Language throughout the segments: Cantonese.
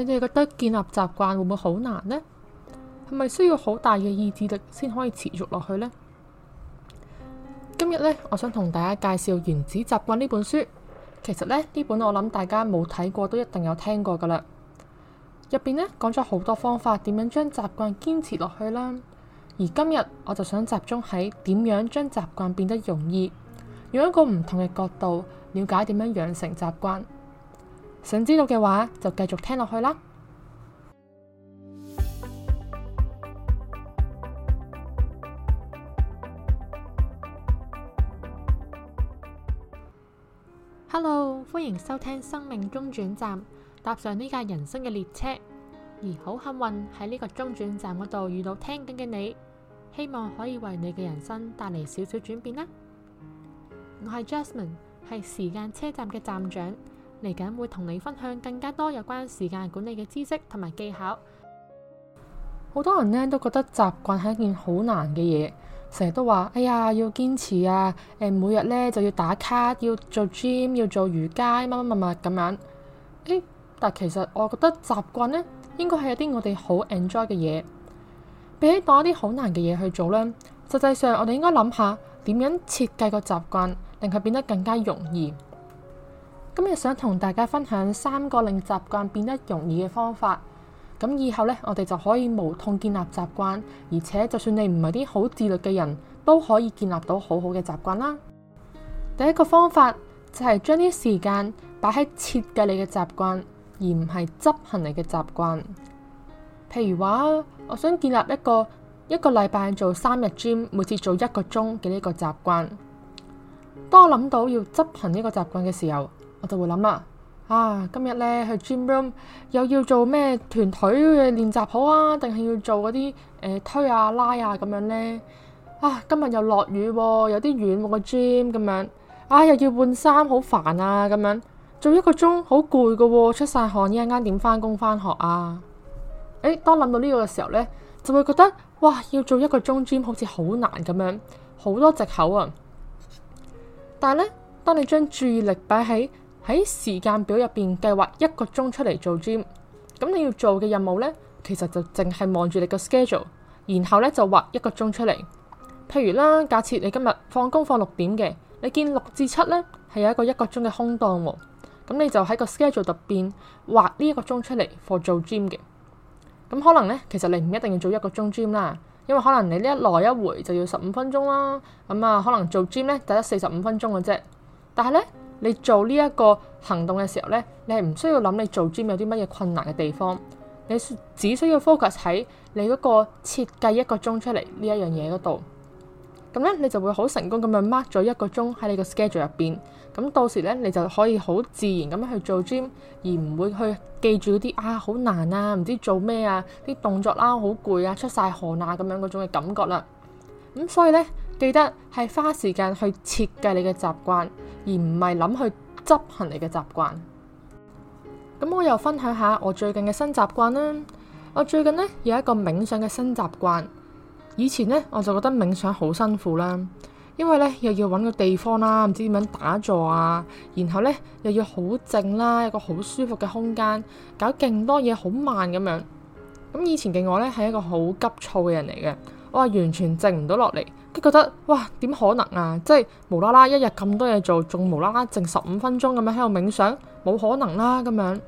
你哋覺得建立習慣會唔會好難呢？係咪需要好大嘅意志力先可以持續落去呢？今日呢，我想同大家介紹《原子習慣》呢本書。其實呢，呢本我諗大家冇睇過都一定有聽過噶啦。入邊呢，講咗好多方法，點樣將習慣堅持落去啦。而今日我就想集中喺點樣將習慣變得容易，用一個唔同嘅角度了解點樣養成習慣。想知道嘅話，就繼續聽落去啦。Hello，歡迎收聽生命中轉站，搭上呢架人生嘅列車，而好幸運喺呢個中轉站嗰度遇到聽緊嘅你，希望可以為你嘅人生帶嚟少少轉變啦。我係 Jasmine，係時間車站嘅站長。嚟緊會同你分享更加多有關時間管理嘅知識同埋技巧。好多人呢都覺得習慣係一件好難嘅嘢，成日都話：哎呀，要堅持啊！誒，每日呢就要打卡，要做 gym，要做瑜伽，乜乜乜乜咁樣。欸，但其實我覺得習慣呢應該係一啲我哋好 enjoy 嘅嘢，比起當一啲好難嘅嘢去做呢，實際上我想想，我哋應該諗下點樣設計個習慣，令佢變得更加容易。今日想同大家分享三個令習慣變得容易嘅方法。咁以後呢，我哋就可以無痛建立習慣，而且就算你唔係啲好自律嘅人都可以建立到好好嘅習慣啦。第一個方法就係將啲時間擺喺設計你嘅習慣，而唔係執行你嘅習慣。譬如話，我想建立一個一個禮拜做三日 gym，每次做一個鐘嘅呢個習慣。當我諗到要執行呢個習慣嘅時候，我就會諗啊，啊今日咧去 gym room 又要做咩團體嘅練習好啊？定係要做嗰啲誒推啊拉啊咁樣呢？啊今日又落雨，啊，有啲遠個 gym 咁、啊、樣，啊又要換衫，好煩啊咁樣，做一個鐘好攰噶，出晒汗，一陣間點返工返學啊？誒，當諗到呢個嘅時候呢，就會覺得哇，要做一個鐘 gym 好似好難咁樣，好多借口啊！但係呢，當你將注意力擺喺喺時間表入邊計劃一個鐘出嚟做 gym，咁你要做嘅任務呢，其實就淨係望住你個 schedule，然後呢就畫一個鐘出嚟。譬如啦，假設你今日放工放六點嘅，你見六至七呢係有一個一個鐘嘅空檔喎，咁你就喺個 schedule 度邊畫呢一個鐘出嚟 for 做 gym 嘅。咁可能呢，其實你唔一定要做一個鐘 gym 啦，因為可能你呢一來一回就要十五分鐘啦，咁啊可能做 gym 呢就得四十五分鐘嘅啫，但係呢。你做呢一個行動嘅時候咧，你係唔需要諗你做 gym 有啲乜嘢困難嘅地方，你只需要 focus 喺你嗰個設計一個鐘出嚟、這個、呢一樣嘢嗰度，咁咧你就會好成功咁樣 mark 咗一個鐘喺你個 schedule 入邊，咁到時咧你就可以好自然咁樣去做 gym，而唔會去記住啲啊好難啊，唔知做咩啊，啲動作啦好攰啊，出晒汗啊咁樣嗰種嘅感覺啦，咁所以咧。記得係花時間去設計你嘅習慣，而唔係諗去執行你嘅習慣。咁我又分享下我最近嘅新習慣啦。我最近呢，有一個冥想嘅新習慣。以前呢，我就覺得冥想好辛苦啦，因為呢又要搵個地方啦，唔知點樣打坐啊，然後呢又要好靜啦，一個好舒服嘅空間，搞勁多嘢，好慢咁樣。咁以前嘅我呢，係一個好急躁嘅人嚟嘅，我係完全靜唔到落嚟。佢覺得哇，點可能啊！即係無啦啦，一日咁多嘢做，仲無啦啦，剩十五分鐘咁樣喺度冥想，冇可能啦、啊、咁樣。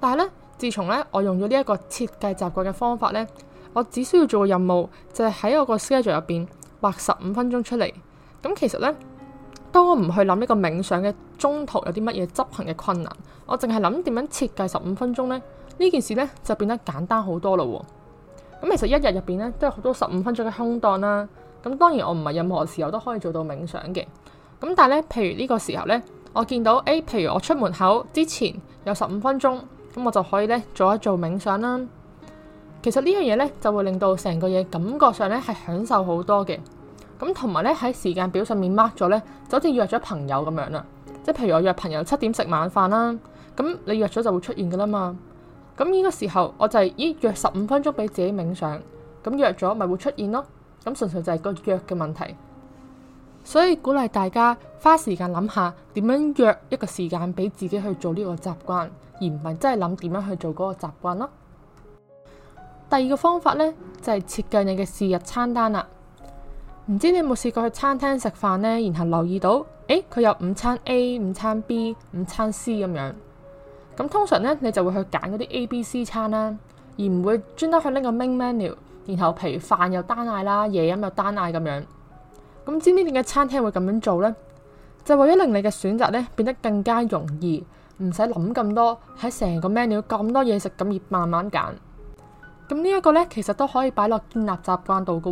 但係咧，自從咧我用咗呢一個設計習慣嘅方法咧，我只需要做個任務，就係、是、喺我個 schedule 入邊畫十五分鐘出嚟。咁其實咧，當我唔去諗一個冥想嘅中途有啲乜嘢執行嘅困難，我淨係諗點樣設計十五分鐘咧，呢件事咧就變得簡單好多咯。咁其實一日入邊咧都有好多十五分鐘嘅空檔啦、啊。咁當然我唔係任何時候都可以做到冥想嘅，咁但係咧，譬如呢個時候咧，我見到，誒、哎，譬如我出門口之前有十五分鐘，咁我就可以咧做一做冥想啦。其實呢樣嘢咧就會令到成個嘢感覺上咧係享受好多嘅，咁同埋咧喺時間表上面 mark 咗咧，就好似約咗朋友咁樣啦，即係譬如我約朋友七點食晚飯啦，咁你約咗就會出現噶啦嘛，咁呢個時候我就係依約十五分鐘俾自己冥想，咁約咗咪會出現咯。咁純粹就係個約嘅問題，所以鼓勵大家花時間諗下點樣約一個時間俾自己去做呢個習慣，而唔係真係諗點樣去做嗰個習慣咯。第二個方法呢，就係設計你嘅是日餐單啦。唔知你有冇試過去餐廳食飯呢？然後留意到，誒，佢有午餐 A、午餐 B、午餐 C 咁樣。咁通常呢，你就會去揀嗰啲 A、B、C 餐啦，而唔會專登去拎個 main menu。然後譬如飯又單嗌啦，嘢飲又單嗌咁樣。咁知唔知點解餐廳會咁樣做呢？就為咗令你嘅選擇呢，變得更加容易，唔使諗咁多喺成個 menu 咁多嘢食咁，而慢慢揀。咁呢一個呢，其實都可以擺落建立習慣度噶。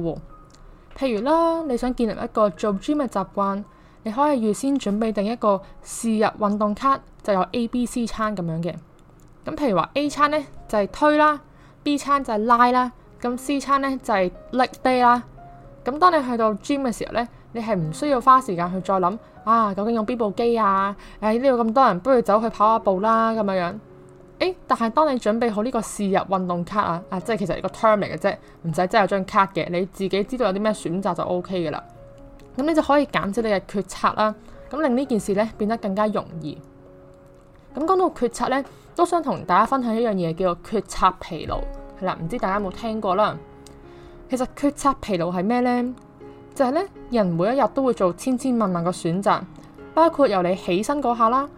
譬如啦，你想建立一個做 gym 嘅習慣，你可以預先準備定一個是日運動卡，就有 A、B、C 餐咁樣嘅。咁譬如話 A 餐呢，就係推啦，B 餐就係拉啦。咁私餐咧就係、是、lift day 啦，咁當你去到 gym 嘅時候咧，你係唔需要花時間去再諗啊究竟用邊部機啊，誒，呢度咁多人，不如走去跑下步啦咁樣樣，誒、欸、但係當你準備好呢個試入運動卡啊，啊即係其實一個 term 嚟嘅啫，唔使真係有張卡嘅，你自己知道有啲咩選擇就 O K 嘅啦，咁你就可以減少你嘅決策啦，咁令呢件事咧變得更加容易。咁講到決策咧，都想同大家分享一樣嘢叫做決策疲勞。嗱，唔、嗯、知大家有冇聽過啦。其實決策疲勞係咩呢？就係、是、咧，人每一日都會做千千萬萬個選擇，包括由你起身嗰下啦，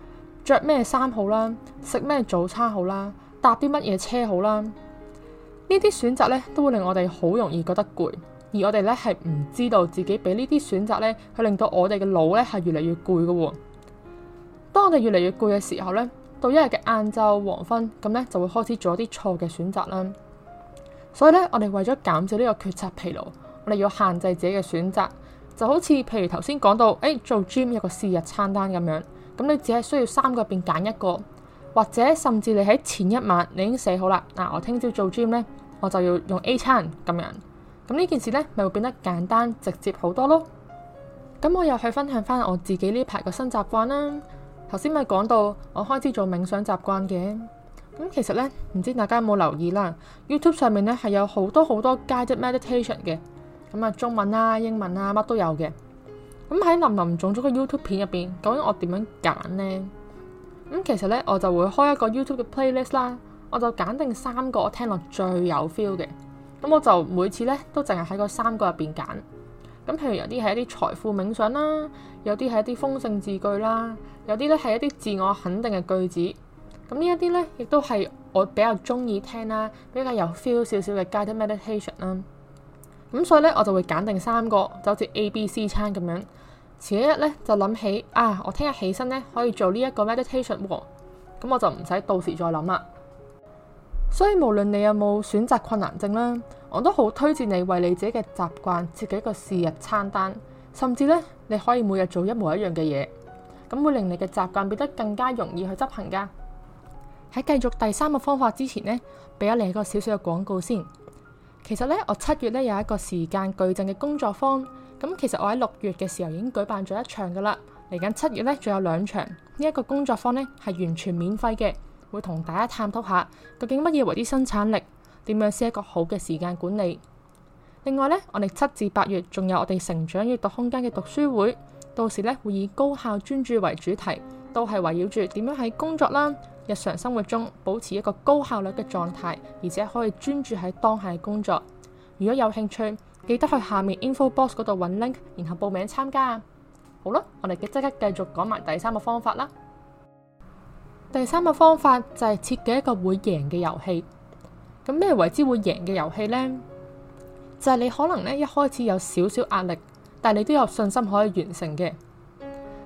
着咩衫好啦，食咩早餐好啦，搭啲乜嘢車好啦。呢啲選擇咧，都會令我哋好容易覺得攰，而我哋咧係唔知道自己俾呢啲選擇咧，去令到我哋嘅腦咧係越嚟越攰噶。當我哋越嚟越攰嘅時候咧，到一日嘅晏晝黃昏咁咧，就會開始做一啲錯嘅選擇啦。所以咧，我哋為咗減少呢個決策疲勞，我哋要限制自己嘅選擇，就好似譬如頭先講到，誒、哎、做 gym 有個四日餐單咁樣，咁你只係需要三個入邊揀一個，或者甚至你喺前一晚你已經寫好啦，嗱、啊、我聽朝做 gym 咧，我就要用 A 餐咁樣，咁呢件事咧咪會變得簡單直接好多咯。咁我又去分享翻我自己呢排個新習慣啦，頭先咪講到我開始做冥想習慣嘅。咁其實咧，唔知大家有冇留意啦？YouTube 上面咧係有好多好多 guided meditation 嘅，咁啊中文啦、啊、英文啦、啊，乜都有嘅。咁喺林林種種嘅 YouTube 片入邊，究竟我點樣揀呢？咁其實咧，我就會開一個 YouTube 嘅 playlist 啦，我就揀定三個我聽落最有 feel 嘅。咁我就每次咧都淨係喺個三個入邊揀。咁譬如有啲係一啲財富冥想啦，有啲係一啲豐盛字句啦，有啲咧係一啲自我肯定嘅句子。咁呢一啲呢，亦都係我比較中意聽啦，比較有 feel 少少嘅 guided meditation 啦。咁所以呢，我就會揀定三個，就好似 A、B、C 餐咁樣。前一日呢，就諗起啊，我聽日起身呢，可以做呢一個 meditation 喎，啊，咁我就唔使到時再諗啦。所以無論你有冇選擇困難症啦，我都好推薦你為你自己嘅習慣設計一個時日餐單，甚至呢，你可以每日做一模一樣嘅嘢，咁會令你嘅習慣變得更加容易去執行㗎。喺繼續第三個方法之前呢，俾我嚟一個少少嘅廣告先。其實呢，我七月呢有一個時間巨陣、時間矩陣嘅工作坊，咁其實我喺六月嘅時候已經舉辦咗一場噶啦。嚟緊七月呢，仲有兩場。呢一個工作坊呢係完全免費嘅，會同大家探討下究竟乜嘢為啲生產力，點樣先一個好嘅時間管理。另外呢，我哋七至八月仲有我哋成長悅讀空間嘅讀書會，到時呢會以高效專注為主題。都係圍繞住點樣喺工作啦，日常生活中保持一個高效率嘅狀態，而且可以專注喺當下嘅工作。如果有興趣，記得去下面 info box 嗰度揾 link，然後報名參加。好啦，我哋即刻繼續講埋第三個方法啦。第三個方法就係設計一個會贏嘅遊戲。咁咩為之會贏嘅遊戲呢？就係你可能咧一開始有少少壓力，但係你都有信心可以完成嘅。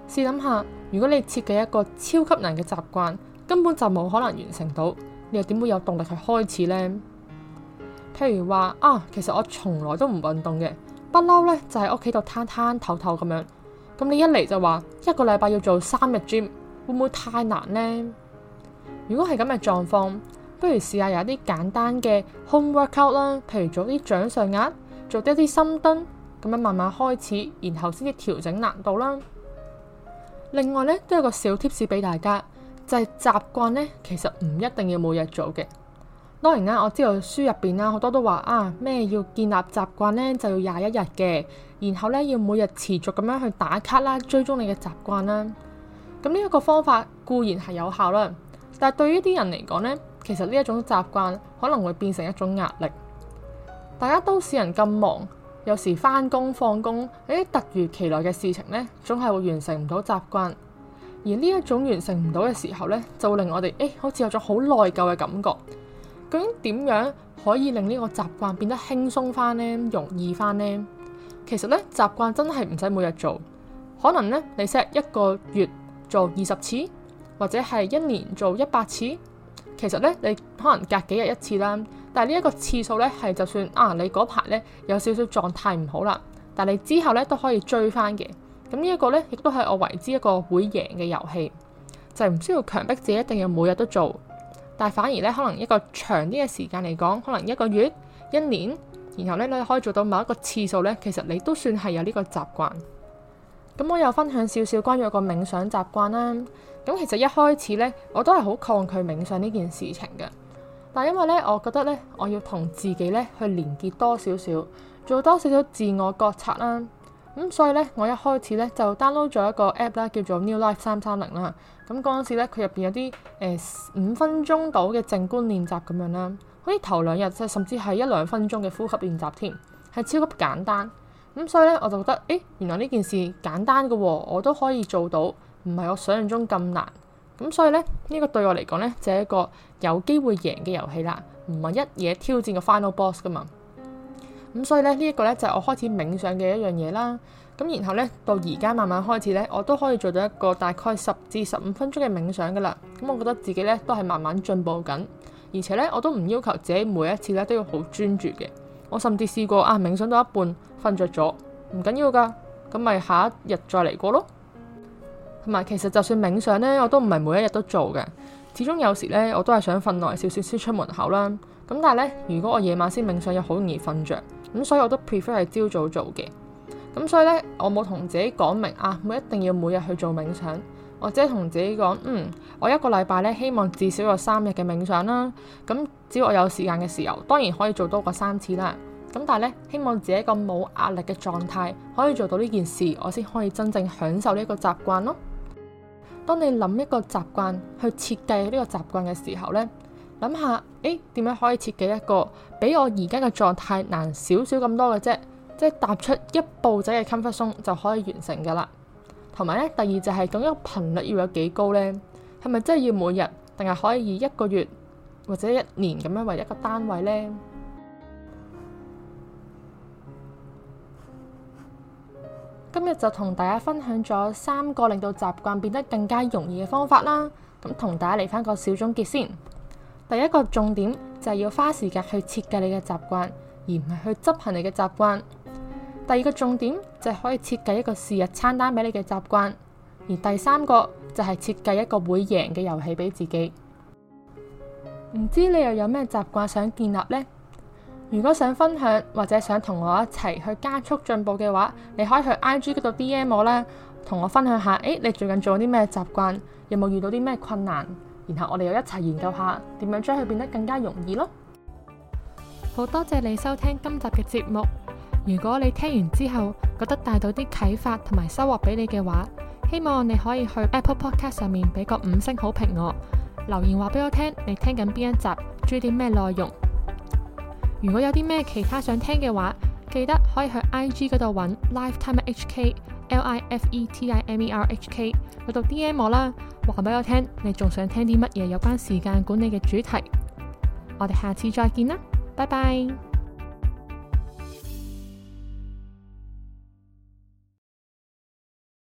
試諗下，如果你設計一個超級難嘅習慣，根本就冇可能完成到，你又點會有動力去開始呢？譬如話啊，其實我從來都唔運動嘅，不嬲咧就喺屋企度攤攤透透咁樣。咁你一嚟就話一個禮拜要做三日 gym 會唔會太難呢？如果係咁嘅狀況，不如試下有啲簡單嘅 home workout 啦，譬如做啲掌上壓，做多啲深蹲，咁樣慢慢開始，然後先至調整難度啦。另外咧，都有個小 tips 俾大家，就係習慣咧，其實唔一定要每日做嘅。當然啦，我知道書入邊啦，好多都話啊，咩要建立習慣咧，就要廿一日嘅，然後咧要每日持續咁樣去打卡啦，追蹤你嘅習慣啦。咁呢一個方法固然係有效啦，但係對於啲人嚟講咧，其實呢一種習慣可能會變成一種壓力。大家都市人咁忙。有時翻工，放工，呢啲突如其來嘅事情呢，總係會完成唔到習慣。而呢一種完成唔到嘅時候呢，就會令我哋誒、哎、好似有咗好內疚嘅感覺。究竟點樣可以令呢個習慣變得輕鬆翻呢？容易翻呢？其實呢，習慣真係唔使每日做，可能呢，你 set 一個月做二十次，或者係一年做一百次。其實呢，你可能隔幾日一次啦。但係呢一個次數呢，係就算啊，你嗰排呢有少少狀態唔好啦，但係你之後呢都可以追翻嘅。咁呢一個呢，亦都係我為之一個會贏嘅遊戲，就係唔需要強迫自己一定要每日都做，但係反而呢，可能一個長啲嘅時間嚟講，可能一個月、一年，然後呢你可以做到某一個次數呢，其實你都算係有呢個習慣。咁我又分享少少關於一個冥想習慣啦。咁其實一開始呢，我都係好抗拒冥想呢件事情嘅。嗱，但因為咧，我覺得咧，我要同自己咧去連結多少少，做多少少自我覺察啦。咁、嗯、所以咧，我一開始咧就 download 咗一個 app 啦，叫做 New Life 三三零啦。咁嗰陣時咧，佢入邊有啲誒五分鐘度嘅靜觀練習咁樣啦，好似頭兩日即係甚至係一兩分鐘嘅呼吸練習添，係超級簡單。咁、嗯、所以咧，我就覺得，誒，原來呢件事簡單㗎喎，我都可以做到，唔係我想象中咁難。咁所以咧，呢、這個對我嚟講呢，就係一個有機會贏嘅遊戲啦，唔係一夜挑戰個 final boss 噶嘛。咁所以咧，呢一個呢，這個、就係我開始冥想嘅一樣嘢啦。咁然後呢，到而家慢慢開始呢，我都可以做到一個大概十至十五分鐘嘅冥想噶啦。咁、嗯、我覺得自己呢，都係慢慢進步緊，而且呢，我都唔要求自己每一次呢都要好專注嘅。我甚至試過啊冥想到一半瞓着咗，唔緊要噶，咁咪下一日再嚟過咯。同埋，其實就算冥想呢，我都唔係每一日都做嘅。始終有時呢，我都係想瞓耐少少先出門口啦。咁但係呢，如果我夜晚先冥想，又好容易瞓着，咁，所以我都 prefer 係朝早做嘅。咁所以呢，我冇同自己講明啊，我一定要每日去做冥想。或者同自己講，嗯，我一個禮拜呢，希望至少有三日嘅冥想啦。咁只要我有時間嘅時候，當然可以做多過三次啦。咁但係呢，希望自己一個冇壓力嘅狀態可以做到呢件事，我先可以真正享受呢個習慣咯。當你諗一個習慣去設計呢個習慣嘅時候呢，諗下，誒，點樣可以設計一個比我而家嘅狀態難少少咁多嘅啫，即係踏出一步仔嘅 comfort zone 就可以完成噶啦。同埋呢，第二就係咁樣，頻率要有幾高呢？係咪真係要每日，定係可以以一個月或者一年咁樣為一個單位呢？今日就同大家分享咗三個令到習慣變得更加容易嘅方法啦。咁同大家嚟翻個小總結先。第一個重點就係要花時間去設計你嘅習慣，而唔係去執行你嘅習慣。第二個重點就係可以設計一個是日餐單俾你嘅習慣，而第三個就係設計一個會贏嘅遊戲俾自己。唔知你又有咩習慣想建立呢？如果想分享或者想同我一齊去加速進步嘅話，你可以去 I G 嗰度 D M 我啦，同我分享下，誒、哎，你最近做啲咩習慣，有冇遇到啲咩困難，然後我哋又一齊研究下點樣將佢變得更加容易咯。好多謝你收聽今集嘅節目，如果你聽完之後覺得帶到啲啟發同埋收穫俾你嘅話，希望你可以去 Apple Podcast 上面俾個五星好評我，留言話俾我聽你，你聽緊邊一集，注意啲咩內容。如果有啲咩其他想聽嘅話，記得可以去 I G 嗰度揾 LifeTimer HK L I F E T I M E R H K 嗰度 D M 我啦，話俾我聽你仲想聽啲乜嘢有關時間管理嘅主題。我哋下次再見啦，拜拜。